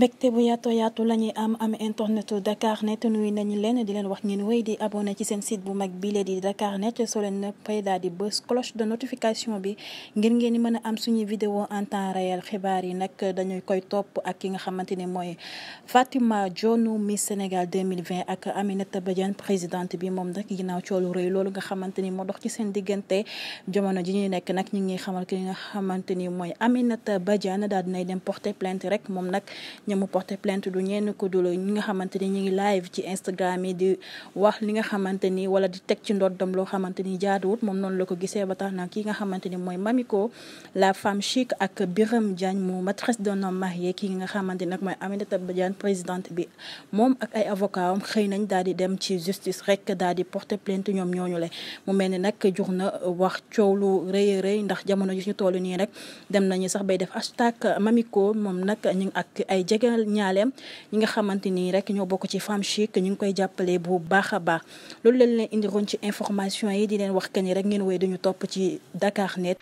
mbégte bu yaatoo yaatu la ñuy am am internet Dakar net nuyu nañu leen di leen wax ngeen wéy di abonné ci seen site bu mag bile di Dakar net soo leen na daal di bës cloche de notification bi ngir ngeen di mën a am suñuy vidéo en temps xibaar yi nag dañuy koy topp ak ki nga xamante ne mooy Fatima Dione Miss Sénégal 2020 ak Aminata Badiane présidente bi moom nag ginnaaw coolu rëy loolu nga xamante ni moo dox ci seen diggante jamono ji ñuy nekk nag ñu ngi xamal ki nga xamante ni mooy Aminata Badiane daal dinay dem porter plainte rek moom nag. ña mu porté plainte du ñenn ko dul ñi nga xamante ni ñu ngi live ci Instagram yi di wax li nga xamante ni wala di teg ci ndoddam loo xamante ni jaaduwut moom noonu la ko gisee ba tax na ki nga xamante ni mooy Mamiko la femme chic ak Birame Diagne mu maîtresse d'un homme ki nga xamante ni nag mooy Aminata Badiane présidente bi moom ak ay avocat am xëy nañ daal di dem ci justice rek daal di porté plainte ñoom ñooñu le mu mel ni nag jur na wax coow lu rëy a rëy ndax jamono ji ñu toll nii rek dem nañu sax bay def hashtag Mamiko moom nag ñu ak ay jegal ñaaleem ñi nga xamante nii rek ñoo bokk ci femme chic ñu ngi koy jàppale bu baax a baax loolu la leen indiroon ci information yi di leen wax que ni rek ngeen wéy dañu topp ci dakaar Net.